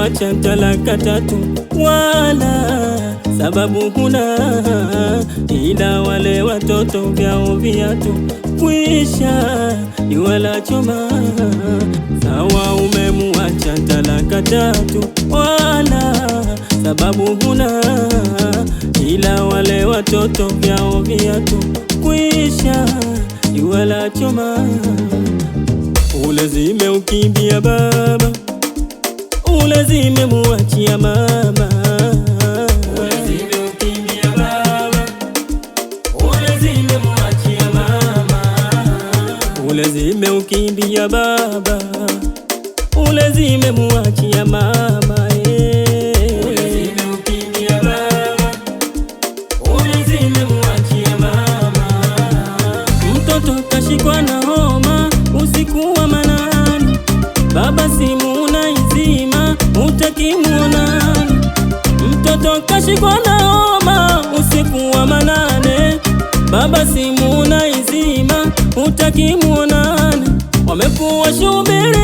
kuacha talaka tatu wala sababu kuna ila wale watoto vyao viatu kwisha iwala choma sawa, umemuacha talaka tatu wala sababu kuna ila wale watoto vyao viatu kwisha iwala choma, ule ukimbia baba ule zimemuachia mama ule zimeukimbia baba ulazime zimemuachia mama kuwasubiri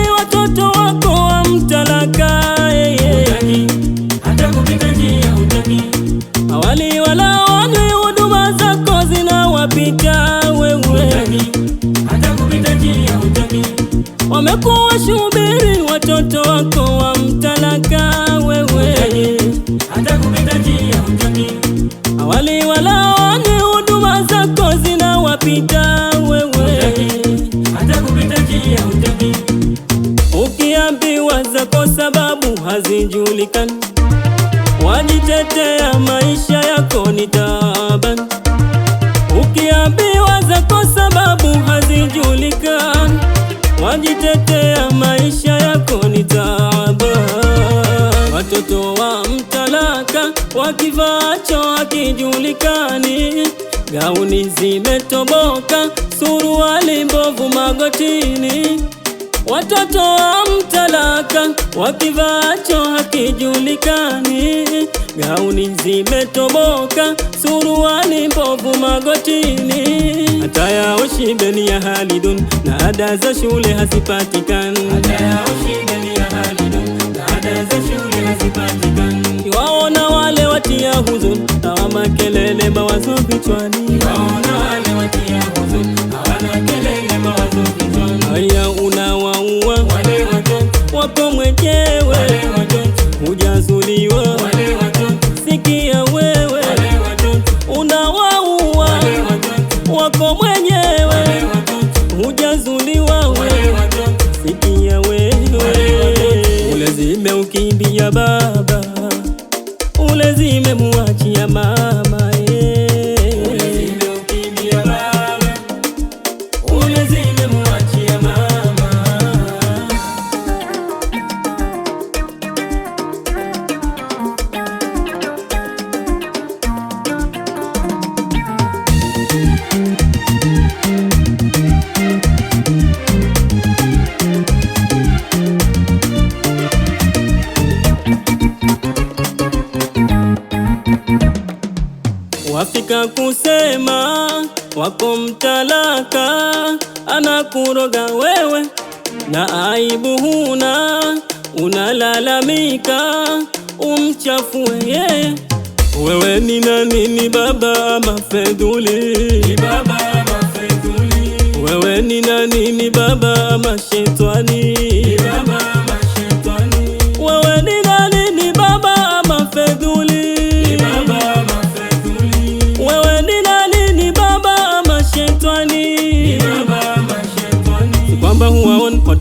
kivacho akijulikani, gauni zimetoboka, suruali mbovu magotini, watoto wa mtalaka wakivacho hakijulikani, gauni zimetoboka, suruali mbovu magotini hata ya ushibeni ya halidun na ada za shule hazipatikani. Iwaona wale watia huzuni na wa makelele mawazo vichwani ukimbia baba, ule muachia mama Katika kusema wako mtalaka, anakuroga wewe na aibu huna, unalalamika umchafue yeye. Wewe ni nani? Ni baba Ni baba mafedhuli, wewe ni nani? Ni baba mashetwani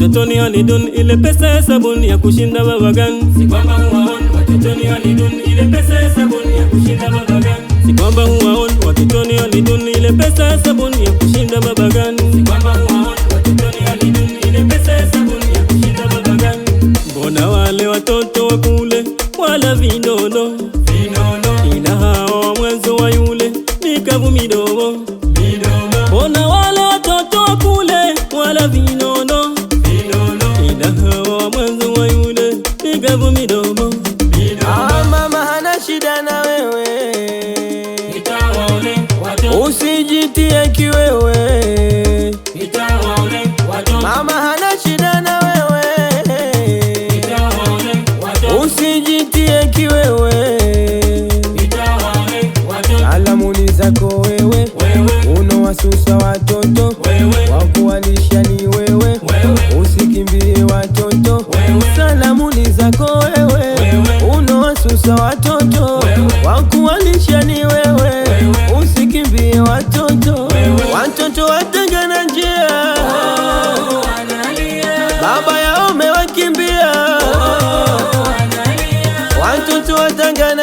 watotoni wa nidun, ile pesa ya sabuni ya kushinda baba gang. Si kwamba huwaon, wa nidun, ile pesa ya sabuni ya kushinda baba gang. Si kwamba huwaon, wa nidun, ile pesa ya sabuni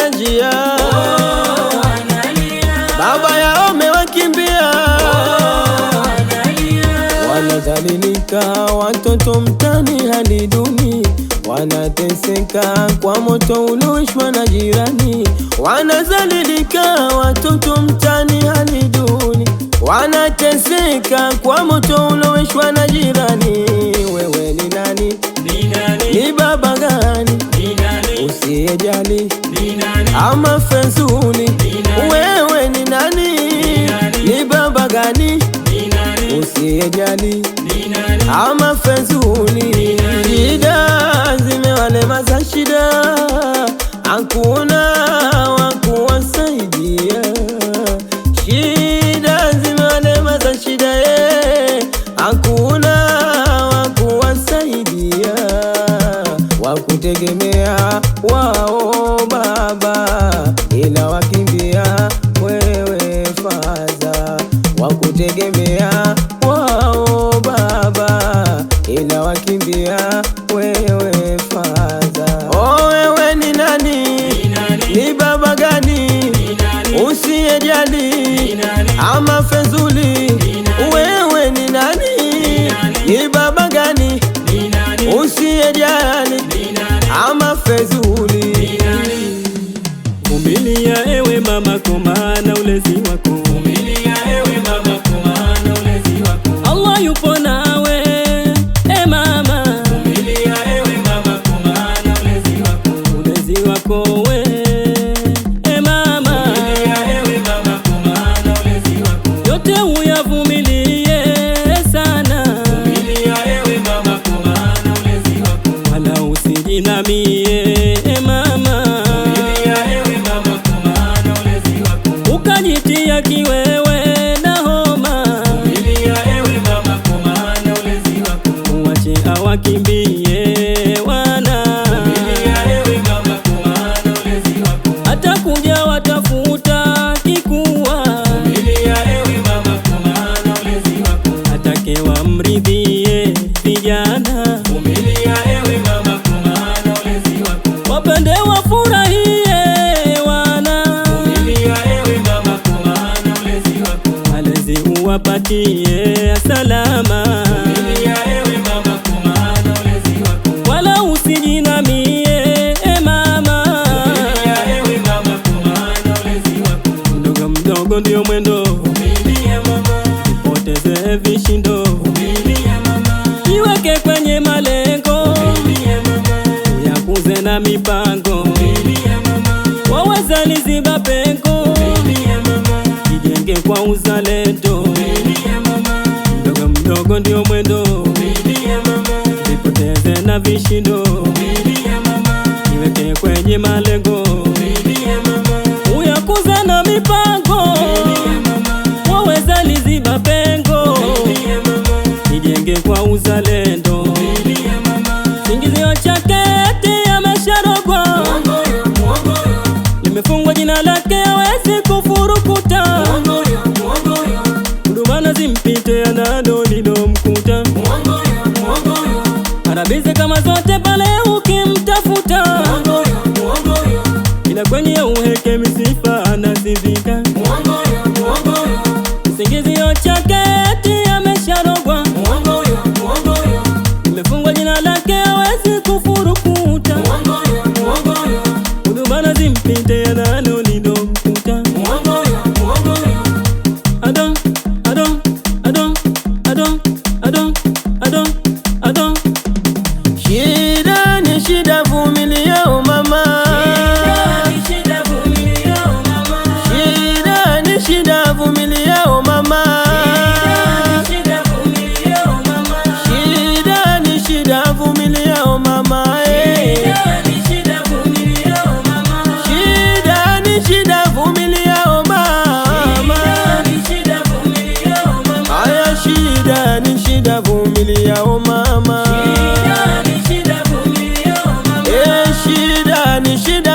hawana njia oh, baba yao amewakimbia oh, wanadhalilika watoto mtani, hali duni wanateseka kwa moto ulioishwa na jirani. Wanadhalilika watoto mtani, hali duni wanateseka kwa moto ulioishwa na jirani aliyejali ama fenzuni wewe ni nani? Ni baba gani usiyejali ama fenzuni? Shida zimewalemaza shida hakuna kutegemea wao, Baba ila wakimbia wewe Fadha. Oh, wewe ni nani? Ni baba gani usiyejali ama fezuli? Wewe ni nani? Ni baba gani usiyejali ama fezuli? ujitie salama wala usijinamie e mama, mdogo mdogo ndio mwendo poteze vishindo iweke kwenye malengo yakuze na mipango waweza liziba pengo kwa uzalendo, mdogo mdogo ndio mwendo, nipoteze na vishindo, iweke kwenye malengo uyakuza na mipango, waweza liziba pengo, kwa uzalendo bizi kama zote pale ukimtafuta ila kwenye uheke misifa anazivika kisingizio chake eti amesharogwa imefungwa jina lake awezi kufurukuta huduma nazimpite yananonido shida